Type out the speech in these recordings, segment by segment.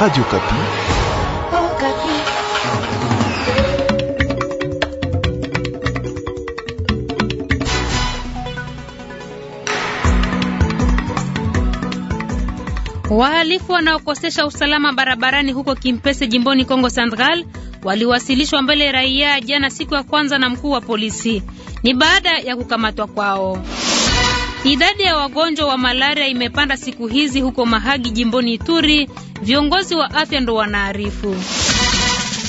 Radio Kapi. Oh, Kapi. Wahalifu wanaokosesha usalama barabarani huko Kimpese jimboni Kongo Central waliwasilishwa mbele raia jana siku ya kwanza na mkuu wa polisi. Ni baada ya kukamatwa kwao. Idadi ya wagonjwa wa malaria imepanda siku hizi huko Mahagi jimboni Ituri Viongozi wa afya ndo wanaarifu.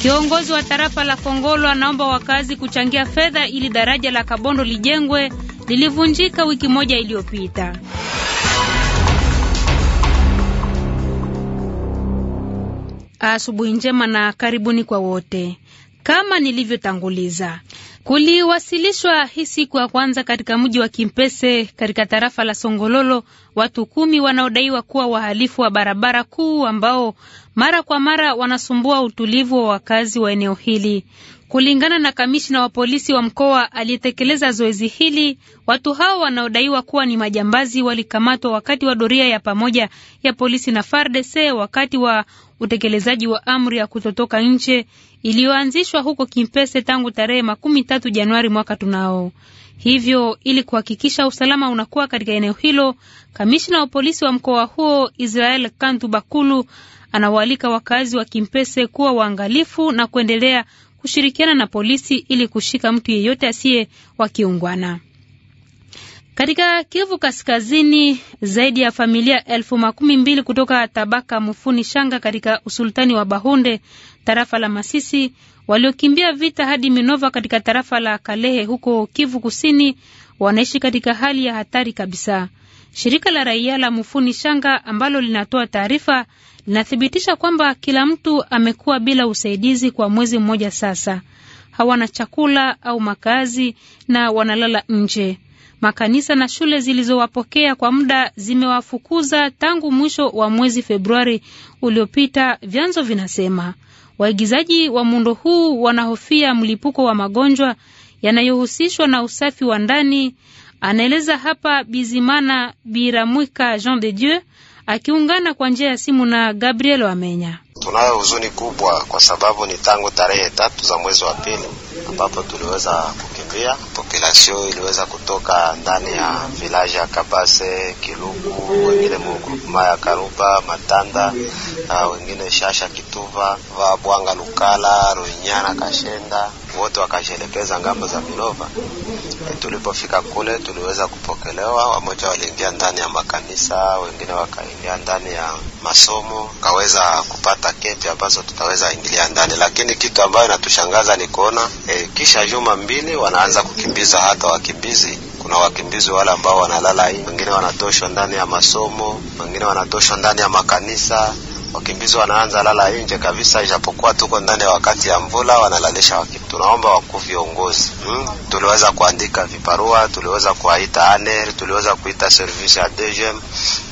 Kiongozi wa tarafa la Fongolo anaomba wakazi kuchangia fedha ili daraja la Kabondo lijengwe, lilivunjika wiki moja iliyopita. Asubuhi njema na karibuni kwa wote. Kama nilivyotanguliza Kuliwasilishwa hii siku ya kwanza katika mji wa Kimpese katika tarafa la Songololo watu kumi wanaodaiwa kuwa wahalifu wa barabara kuu ambao mara kwa mara wanasumbua utulivu wa wakazi wa eneo hili. Kulingana na kamishna wa polisi wa mkoa aliyetekeleza zoezi hili, watu hao wanaodaiwa kuwa ni majambazi walikamatwa wakati wa doria ya pamoja ya polisi na FARDC wakati wa utekelezaji wa amri ya kutotoka nje iliyoanzishwa huko Kimpese tangu tarehe makumi tatu Januari mwaka tunao. Hivyo ili kuhakikisha usalama unakuwa katika eneo hilo, kamishna wa polisi wa mkoa huo Israel Kantu Bakulu anawaalika wakazi wa Kimpese kuwa waangalifu na kuendelea kushirikiana na polisi ili kushika mtu yeyote asiye wa kiungwana. Katika Kivu Kaskazini, zaidi ya familia elfu makumi mbili kutoka tabaka Mufuni Shanga katika usultani wa Bahunde tarafa la Masisi waliokimbia vita hadi Minova katika tarafa la Kalehe huko Kivu Kusini wanaishi katika hali ya hatari kabisa. Shirika la raia la Mufuni Shanga ambalo linatoa taarifa nathibitisha kwamba kila mtu amekuwa bila usaidizi kwa mwezi mmoja sasa. Hawana chakula au makazi na wanalala nje. Makanisa na shule zilizowapokea kwa muda zimewafukuza tangu mwisho wa mwezi Februari uliopita, vyanzo vinasema. Waigizaji wa muundo huu wanahofia mlipuko wa magonjwa yanayohusishwa na usafi wa ndani, anaeleza hapa Bizimana Biramwika Jean de Dieu akiungana kwa njia ya simu na Gabriel Wamenya. Tunayo huzuni kubwa kwa sababu ni tangu tarehe tatu za mwezi wa pili ambapo tuliweza kukimbia. Population iliweza kutoka ndani ya vilaji ya Kabase, Kiluku, wengine mgrupema ya Karuba, Matanda na wengine Shasha, Kituva, Vabwanga, Lukala, Ruinyana, Kashenda wote wakajielekeza ngambo za Minova. E, tulipofika kule tuliweza kupokelewa. Wamoja waliingia ndani ya makanisa, wengine wakaingia ndani ya masomo, kaweza kupata keti ambazo tutaweza ingilia ndani, lakini kitu ambayo inatushangaza ni kuona e, kisha juma mbili wanaanza kukimbiza hata wakimbizi kuna wakimbizi wale ambao wanalala hii, wengine wanatoshwa ndani ya masomo, wengine wanatoshwa ndani ya makanisa wakimbizi wanaanza lala nje kabisa, ijapokuwa tuko ndani ya wakati ya mvula, wanalalisha wakimbizi. Tunaomba wakuu viongozi hmm. Tuliweza kuandika viparua, tuliweza kuwaita ANER, tuliweza kuita service ya DGM,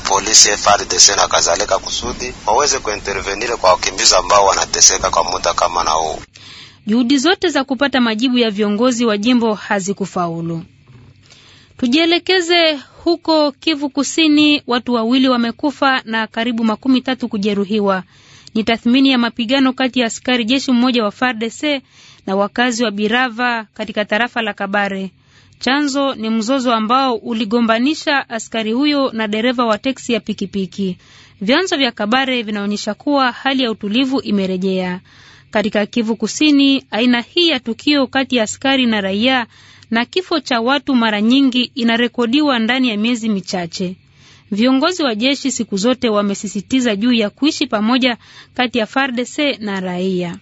polisi, FARDC na kadhalika, kusudi waweze kuintervenire kwa wakimbizi ambao wanateseka kwa muda kama na huu. Juhudi zote za kupata majibu ya viongozi wa jimbo hazikufaulu. Tujielekeze huko Kivu Kusini, watu wawili wamekufa na karibu makumi tatu kujeruhiwa. Ni tathmini ya mapigano kati ya askari jeshi mmoja wa FARDC na wakazi wa Birava katika tarafa la Kabare. Chanzo ni mzozo ambao uligombanisha askari huyo na dereva wa teksi ya pikipiki. Vyanzo vya Kabare vinaonyesha kuwa hali ya utulivu imerejea katika Kivu Kusini. Aina hii ya tukio kati ya askari na raia na kifo cha watu mara nyingi inarekodiwa ndani ya miezi michache. Viongozi wa jeshi siku zote wamesisitiza juu ya kuishi pamoja kati ya FARDC na raia.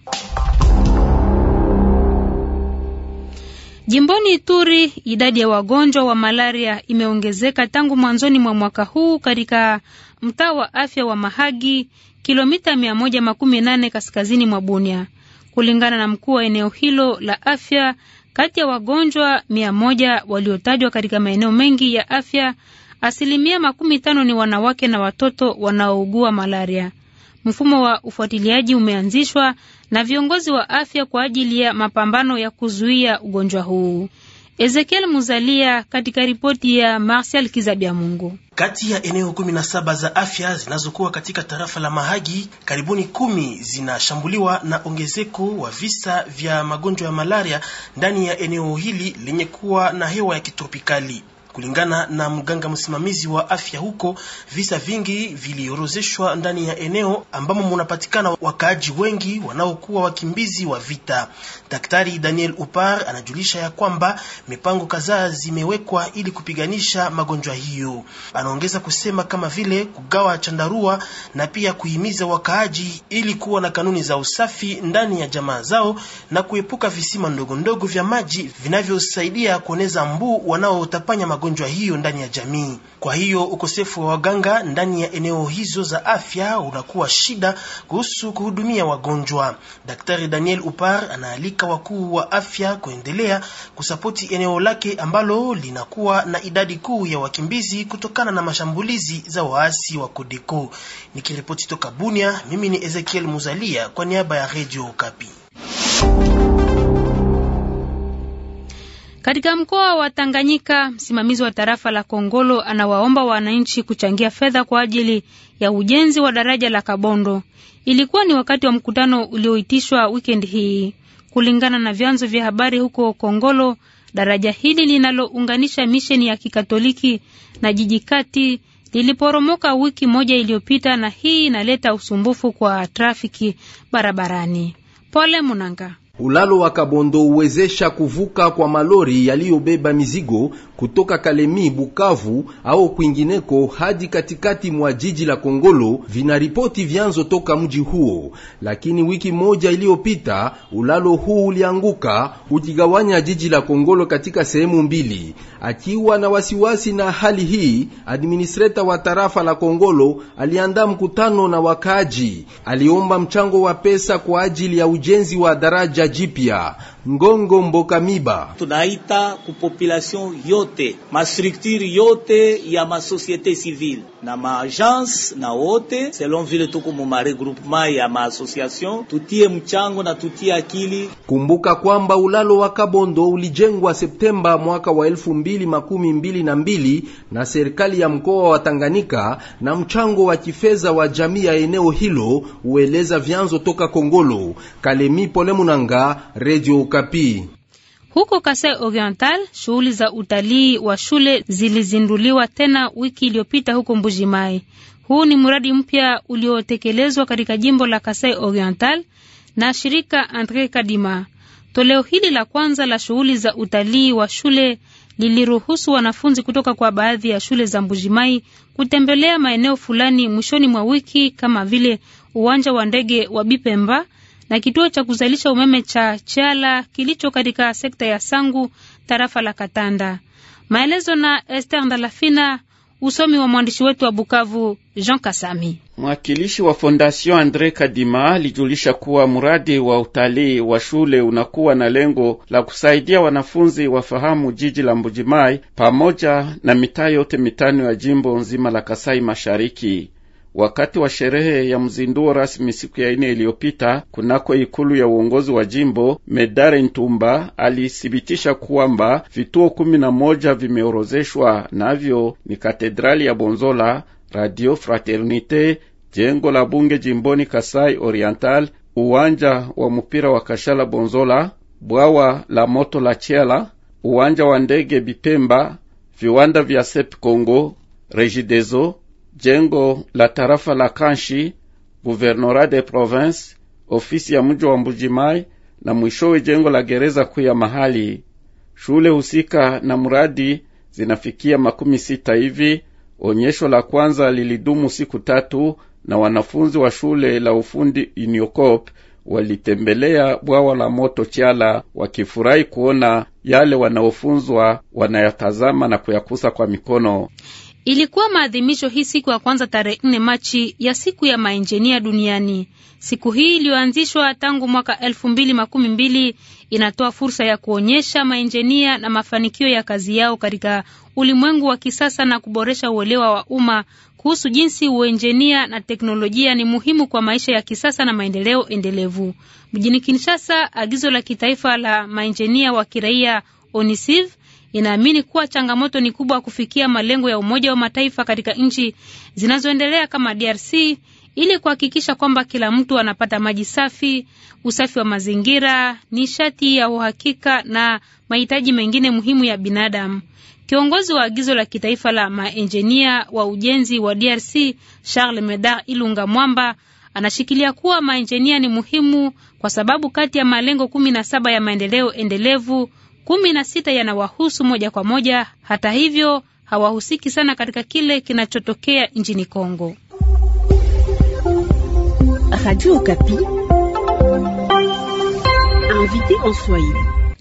Jimboni Ituri, idadi ya wagonjwa wa malaria imeongezeka tangu mwanzoni mwa mwaka huu katika mtaa wa afya wa Mahagi, kilomita 118 kaskazini mwa Bunia, kulingana na mkuu wa eneo hilo la afya kati ya wagonjwa mia moja waliotajwa katika maeneo mengi ya afya, asilimia makumi tano ni wanawake na watoto wanaougua malaria. Mfumo wa ufuatiliaji umeanzishwa na viongozi wa afya kwa ajili ya mapambano ya kuzuia ugonjwa huu. Ezekiel Muzalia katika ripoti ya kizabia Kizabiamungu. Kati ya eneo kumi na saba za afya zinazokuwa katika tarafa la Mahagi, karibuni kumi zinashambuliwa na ongezeko wa visa vya magonjwa ya malaria ndani ya eneo hili lenye kuwa na hewa ya kitropikali. Kulingana na mganga msimamizi wa afya huko, visa vingi viliorozeshwa ndani ya eneo ambamo munapatikana wakaaji wengi wanaokuwa wakimbizi wa vita. Daktari Daniel Upar anajulisha ya kwamba mipango kadhaa zimewekwa ili kupiganisha magonjwa hiyo. Anaongeza kusema kama vile kugawa chandarua na pia kuhimiza wakaaji ili kuwa na kanuni za usafi ndani ya jamaa zao na kuepuka visima ndogo ndogo vya maji vinavyosaidia kuoneza mbu wanaotapanya magonjwa hiyo ndani ya jamii. Kwa hiyo ukosefu wa waganga ndani ya eneo hizo za afya unakuwa shida kuhusu kuhudumia wagonjwa. Daktari Daniel Upar anaalika wakuu wa afya kuendelea kusapoti eneo lake ambalo linakuwa na idadi kuu ya wakimbizi kutokana na mashambulizi za waasi wa Kodeko. Nikiripoti toka Bunia, mimi ni Ezekiel Muzalia kwa niaba ya Radio Okapi. Katika mkoa wa Tanganyika, msimamizi wa tarafa la Kongolo anawaomba wananchi kuchangia fedha kwa ajili ya ujenzi wa daraja la Kabondo. Ilikuwa ni wakati wa mkutano ulioitishwa wikendi hii. Kulingana na vyanzo vya habari huko Kongolo, daraja hili linalounganisha misheni ya Kikatoliki na jiji kati liliporomoka wiki moja iliyopita, na hii inaleta usumbufu kwa trafiki barabarani. Pole Munanga. Ulalo wa Kabondo uwezesha kuvuka kwa malori yaliyobeba mizigo kutoka Kalemi, Bukavu au kwingineko hadi katikati mwa jiji la Kongolo, vinaripoti vyanzo toka mji huo. Lakini wiki moja iliyopita ulalo huu ulianguka ukigawanya jiji la Kongolo katika sehemu mbili. Akiwa na wasiwasi na hali hii, administreta wa tarafa la Kongolo aliandaa mkutano na wakaaji, aliomba mchango wa pesa kwa ajili ya ujenzi wa daraja jipya. Ngongo Mboka Miba. Tunaita kupopulation yote mastrukturi yote ya masosiete civile na maagence na wote selon vile tuko mu maregroupement ya maasociation, tutie mchango na tutie akili. Kumbuka kwamba ulalo wa Kabondo ulijengwa Septemba mwaka wa elfu mbili makumi mbili na mbili na serikali ya mkoa wa Tanganyika, na mchango wa kifedha wa jamii ya eneo hilo ueleza vyanzo toka Kongolo. Kalemi Pole Munanga, Radio Kapi. Huko Kasai Oriental, shughuli za utalii wa shule zilizinduliwa tena wiki iliyopita huko Mbujimai. Huu ni mradi mpya uliotekelezwa katika jimbo la Kasai Oriental na shirika Andre Kadima. Toleo hili la kwanza la shughuli za utalii wa shule liliruhusu wanafunzi kutoka kwa baadhi ya shule za Mbujimai kutembelea maeneo fulani mwishoni mwa wiki kama vile uwanja wa ndege wa Bipemba na kituo cha kuzalisha umeme cha Chiala kilicho katika sekta ya Sangu, tarafa la Katanda. Maelezo na Esther Ndalafina. Usomi wa mwandishi wetu wa Bukavu, Jean Kasami. Mwakilishi wa Fondation Andre Kadima alijulisha kuwa mradi wa utalii wa shule unakuwa na lengo la kusaidia wanafunzi wafahamu jiji la Mbujimai pamoja na mitaa yote mitano ya jimbo nzima la Kasai Mashariki. Wakati wa sherehe ya mzinduo rasmi siku ya ine iliyopita kunako ikulu ya uongozi wa jimbo, Medare Ntumba alithibitisha kwamba vituo kumi na moja vimeorozeshwa, navyo ni katedrali ya Bonzola, Radio Fraternite, jengo la bunge jimboni Kasai Oriental, uwanja wa mpira wa Kashala Bonzola, bwawa la moto la Chela, uwanja wa ndege Bipemba, viwanda vya Sep Congo, Regideso jengo la tarafa la Kanshi, guvernora de province, ofisi ya mji wa Mbujimai na mwishowe jengo la gereza kuu ya mahali. Shule husika na mradi zinafikia makumi sita hivi. Onyesho la kwanza lilidumu siku tatu na wanafunzi wa shule la ufundi Uniocop walitembelea bwawa la moto Chala wakifurahi kuona yale wanaofunzwa wanayatazama na kuyakusa kwa mikono. Ilikuwa maadhimisho hii siku ya kwanza tarehe 4 Machi ya siku ya maenjinia duniani. Siku hii iliyoanzishwa tangu mwaka elfu mbili makumi mbili inatoa fursa ya kuonyesha maenjinia na mafanikio ya kazi yao katika ulimwengu wa kisasa na kuboresha uelewa wa umma kuhusu jinsi uenjinia na teknolojia ni muhimu kwa maisha ya kisasa na maendeleo endelevu. Mjini Kinshasa, agizo la kitaifa la maenjinia wa kiraia Onisive inaamini kuwa changamoto ni kubwa kufikia malengo ya Umoja wa Mataifa katika nchi zinazoendelea kama DRC ili kuhakikisha kwamba kila mtu anapata maji safi, usafi wa mazingira, nishati ya uhakika na mahitaji mengine muhimu ya binadamu. Kiongozi wa agizo la kitaifa la maenjinia wa ujenzi wa DRC Charles Medard Ilunga Mwamba anashikilia kuwa maenjinia ni muhimu kwa sababu kati ya malengo kumi na saba ya maendeleo endelevu kumi na sita yanawahusu moja kwa moja. Hata hivyo hawahusiki sana katika kile kinachotokea nchini Kongo.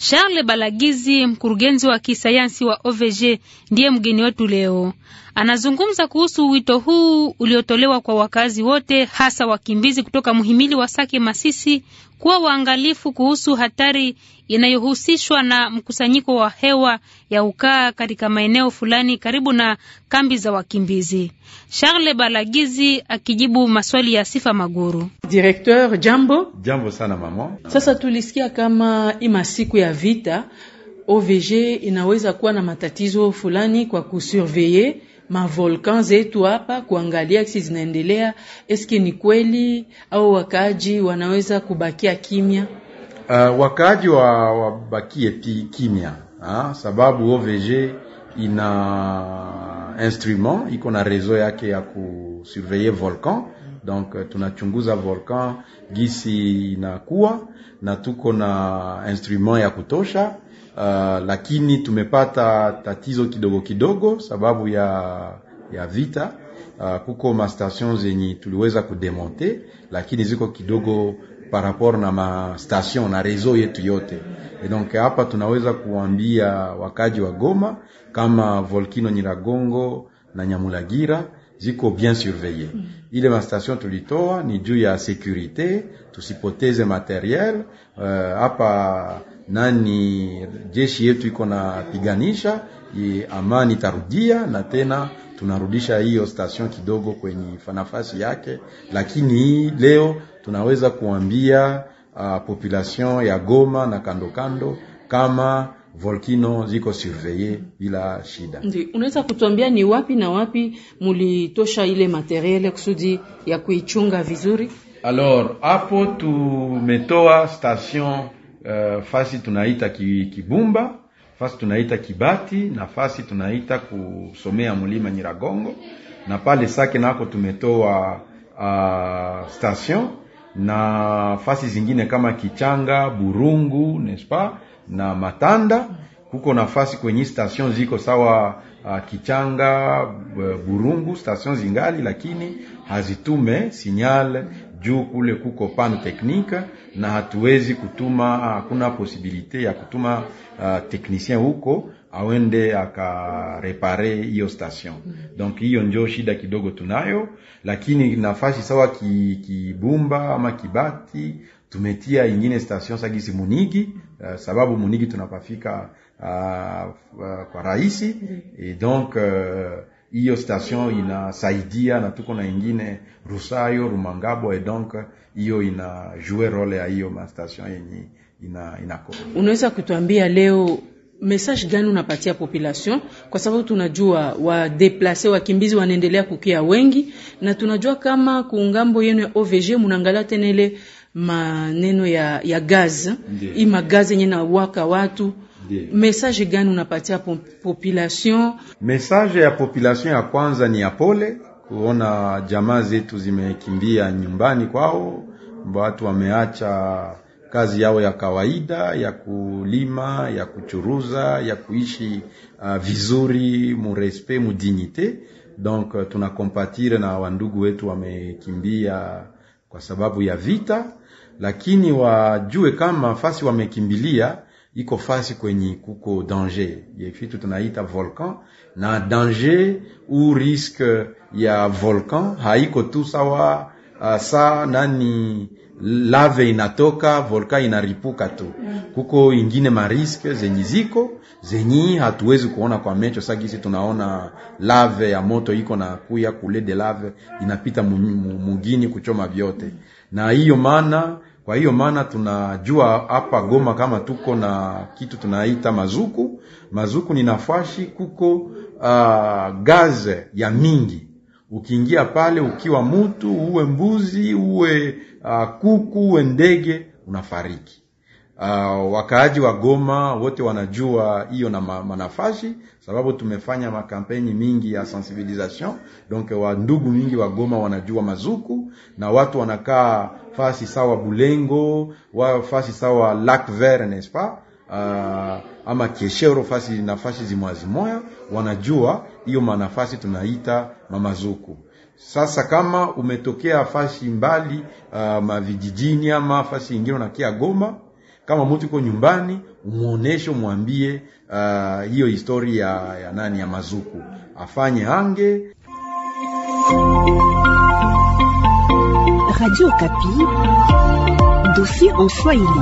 Charles Balagizi, mkurugenzi wa kisayansi wa OVG, ndiye mgeni wetu leo. Anazungumza kuhusu wito huu uliotolewa kwa wakazi wote, hasa wakimbizi kutoka mhimili wa Sake Masisi, kuwa waangalifu kuhusu hatari inayohusishwa na mkusanyiko wa hewa ya ukaa katika maeneo fulani karibu na kambi za wakimbizi. Charles Balagizi akijibu maswali ya Sifa Maguru. jambo. Jambo sana mama. Sasa tulisikia kama ima siku ya vita OVG inaweza kuwa na matatizo fulani kwa kusurveye mavolkan zetu hapa, kuangalia kisi zinaendelea, eske ni kweli au wakaaji wanaweza kubakia kimya? Uh, wakaaji wa wabakie kimya ha? Ah, sababu OVG ina instrument iko na rezo yake ya kusurveiller volcan donc euh, tunachunguza volcan gisi inakuwa na tuko na instrument ya kutosha uh, lakini tumepata tatizo kidogo kidogo sababu ya ya vita uh, kuko mastation zenye tuliweza kudemonte, lakini ziko kidogo par rapport na mastation na rezo yetu yote. e donc hapa tunaweza kuambia wakaji wa Goma kama volkino Nyiragongo na Nyamulagira ziko bien surveille. Mm. Ile mastation tulitoa ni juu ya securite, tusipoteze materiel uh, hapa uh, nani jeshi yetu iko napiganisha ye, amani itarudia na tena tunarudisha hiyo station kidogo kwenye nafasi yake, lakini leo tunaweza kuambia uh, population ya Goma na kando kando kama volkino ziko surveye bila shida. Ndio, unaweza kutuambia ni wapi na wapi mulitosha ile materiele kusudi ya kuichunga vizuri? Alors hapo tumetoa station uh, fasi tunaita Kibumba, fasi tunaita Kibati na fasi tunaita kusomea mlima Nyiragongo, na pale Sake nako tumetoa uh, station na fasi zingine kama Kichanga, Burungu nespa na Matanda kuko nafasi kwenye station ziko sawa uh, Kichanga eh, Burungu, station zingali lakini hazitume sinyale juu kule kuko pan technique na hatuwezi kutuma, ah, hakuna posibilite ya kutuma uh, ah, teknisien huko awende akarepare hiyo station. Donc hiyo njo shida kidogo tunayo, lakini nafasi sawa Kibumba ki ama Kibati tumetia ingine station sagisi Munigi uh, sababu Munigi tunapafika uh, uh, kwa rahisi mm. et donc uh, hiyo station inasaidia na tuko na ingine Rusayo, Rumangabo et donc hiyo ina joue role ya hiyo station yenye ina inako. Unaweza kutuambia leo message gani unapatia population, kwa sababu tunajua wadeplase wakimbizi wanaendelea kukia wengi, na tunajua kama kungambo yenu ya OVG mnaangalia tena ile maneno ya, ya gaz ima gaz yenye nawaka watu Message gani unapatia population? Message ya population ya kwanza ni ya pole, kuona jamaa zetu zimekimbia nyumbani kwao, watu wameacha kazi yao ya kawaida ya kulima, ya kuchuruza, ya kuishi uh, vizuri murespe mudignite. Donc euh, tunakompatire na wandugu wetu wamekimbia kwa sababu ya vita, lakini wajue kama fasi wamekimbilia iko fasi kwenye kuko danger yefitu tunaita volcan na danger ou risque ya volcan haiko tu sawa ah, sa nani lave inatoka volcan inaripuka tu kuko ingine mariske zenye ziko zenyi hatuwezi kuona kwa mecho sagisi tunaona lave ya moto iko na kuya kule de lave inapita mugini kuchoma vyote na hiyo maana kwa hiyo maana tunajua hapa Goma kama tuko na kitu tunaita mazuku. Mazuku ni nafashi kuko uh, gaze ya mingi. Ukiingia pale ukiwa mutu, uwe mbuzi, uwe uh, kuku, uwe ndege, unafariki. Uh, wakaaji wa Goma wote wanajua hiyo na ma, manafasi sababu tumefanya makampeni mingi ya sensibilisation, donc wa ndugu mingi wa Goma wanajua mazuku na watu wanakaa fasi sawa Bulengo wa fasi sawa Lac Vert n'est-ce pas uh, ama Kieshero fasi nafasi zimwazimoya wanajua hiyo manafasi tunaita mamazuku. Sasa kama umetokea fasi mbali uh, ah, mavijijini ama fasi ingine unakia Goma kama mtu yuko nyumbani, umuoneshe, umwambie uh, hiyo uh, historia ya, ya nani ya Mazuku afanye ange Radio Kapi, dossier en Swahili.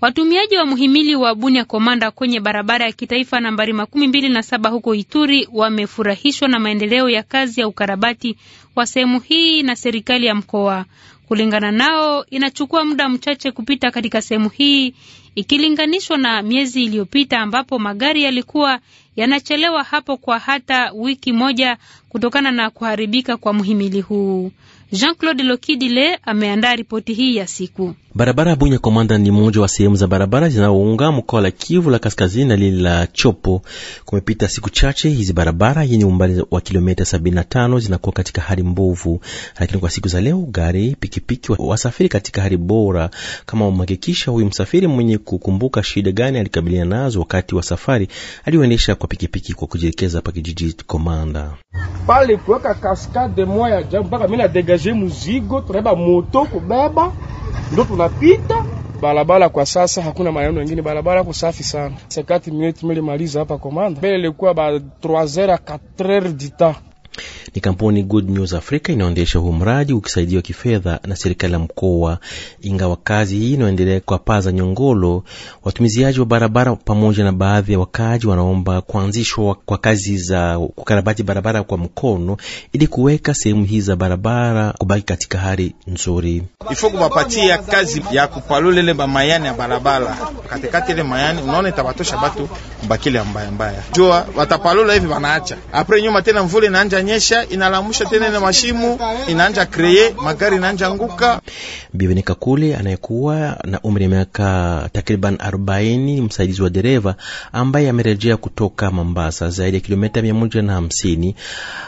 Watumiaji wa muhimili wa Bunia Komanda kwenye barabara ya kitaifa nambari makumi mbili na saba huko Ituri wamefurahishwa na maendeleo ya kazi ya ukarabati wa sehemu hii na serikali ya mkoa. Kulingana nao, inachukua muda mchache kupita katika sehemu hii ikilinganishwa na miezi iliyopita ambapo magari yalikuwa yanachelewa hapo kwa hata wiki moja kutokana na kuharibika kwa mhimili huu. Jean-Claude Lokidile ameandaa ripoti hii ya siku Barabara ya Bunya Komanda ni mmoja wa sehemu za barabara zinazounga mkoa la Kivu la kaskazini na lile la Chopo. Kumepita siku chache, hizi barabara yenye umbali wa kilomita 75 zinakuwa katika hali mbovu, lakini kwa siku za leo gari, pikipiki wasafiri katika hali bora. Kama umhakikisha huyu msafiri mwenye kukumbuka shida gani alikabiliana nazo wakati wa safari aliyoendesha kwa pikipiki kwa kujielekeza pa kijiji Komanda pale kuweka kaskade moya mpaka mimi na mzigo tunaeba moto kubeba ndo tunapita barabara kwa sasa hakuna maneno mengine, barabara safi sana. sekati minuti mili hapa komanda mbele ilikuwa ba 3h 4h du temps ni kampuni Good News Africa inayoendesha huu mradi ukisaidiwa kifedha na serikali ya mkoa. Ingawa kazi hii inaendelea za nyongolo watumiziaji wa barabara, pamoja na baadhi ya wakaaji wanaomba kuanzishwa kwa kazi za kukarabati barabara kwa mkono ili kuweka sehemu hii za barabara kubaki katika hali nzuri. Ifo kubapatia kazi ya kupalula ile mayani ya barabara katikati, ile mayani unaona itabatosha batu mbakile mbaya mbaya, jua watapalula hivi wanaacha apre nyuma tena mvule inaanja inanyesha inalamusha tena na mashimu inaanja kreye magari inaanja anguka. Bibini Kakule anayekuwa na umri wa miaka takriban 40, msaidizi wa dereva ambaye amerejea kutoka Mombasa zaidi ya kilomita 150,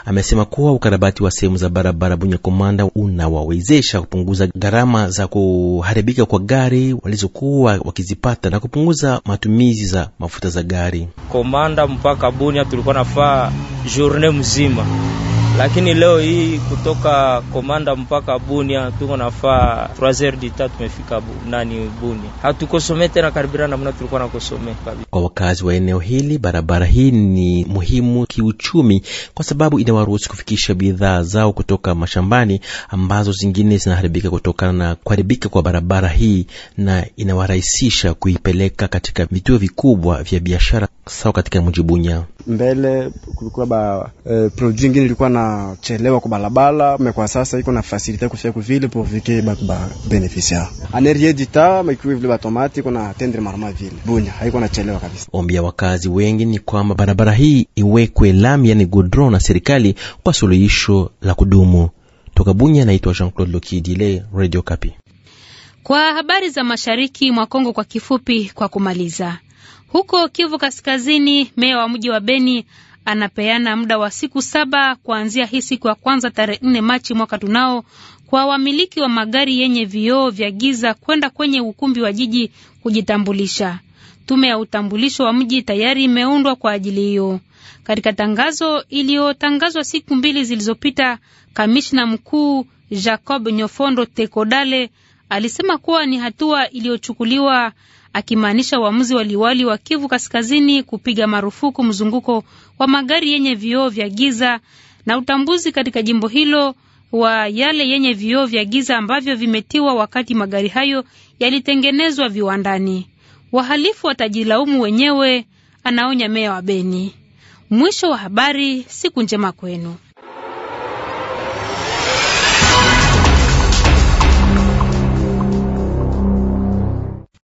amesema kuwa ukarabati wa sehemu za barabara Bunya Komanda unawawezesha kupunguza gharama za kuharibika kwa gari walizokuwa wakizipata na kupunguza matumizi za mafuta za gari. Komanda mpaka Bunya tulikuwa nafaa journée mzima lakini leo hii kutoka Komanda mpaka Bunia tuko nafaa 3h du temps tumefika bu, nani Bunia, hatukosomee tena karibira namna tulikuwa nakosomea kabisa. Kwa wakazi wa eneo hili, barabara hii ni muhimu kiuchumi, kwa sababu inawaruhusu kufikisha bidhaa zao kutoka mashambani ambazo zingine zinaharibika kutokana na kuharibika kwa barabara hii, na inawarahisisha kuipeleka katika vituo vikubwa vya biashara sawa katika mji Bunya. Mbele kulikuwa ba e, produit ingine ilikuwa na chelewa kwa barabara, mekwa sasa iko na facilite kufika ku ville pour vike ba ba beneficiaire anerie dita mekwe vile ba tomate kuna tendre marama vile Bunya haiko na chelewa kabisa. Ombi ya wakazi wengi ni kwamba barabara hii iwekwe lami, yani godron na serikali kwa suluhisho la kudumu. Toka Bunya, naitwa Jean-Claude Lokidile, Radio Kapi. Kwa habari za mashariki mwa Kongo kwa kifupi, kwa kumaliza huko Kivu Kaskazini, meya wa mji wa Beni anapeana muda wa siku saba kuanzia hii siku ya kwanza tarehe nne Machi mwaka tunao kwa wamiliki wa magari yenye vioo vya giza kwenda kwenye ukumbi wa jiji kujitambulisha. Tume ya utambulisho wa mji tayari imeundwa kwa ajili hiyo. Katika tangazo iliyotangazwa siku mbili zilizopita, kamishna mkuu Jacob Nyofondo Tekodale alisema kuwa ni hatua iliyochukuliwa akimaanisha uamuzi wa liwali wa Kivu Kaskazini kupiga marufuku mzunguko wa magari yenye vioo vya giza na utambuzi katika jimbo hilo wa yale yenye vioo vya giza ambavyo vimetiwa wakati magari hayo yalitengenezwa viwandani. Wahalifu watajilaumu wenyewe, anaonya meya wa Beni. Mwisho wa habari. Siku njema kwenu.